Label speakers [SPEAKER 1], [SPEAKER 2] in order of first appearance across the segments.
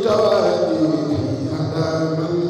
[SPEAKER 1] توادي على من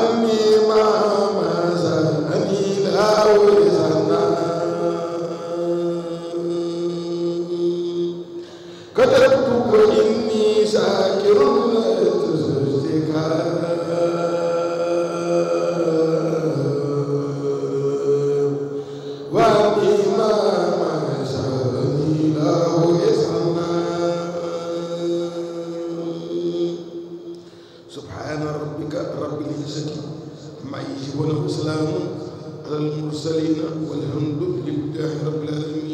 [SPEAKER 1] amiin معي وله سلام على المرسلين والحمد لله رب العالمين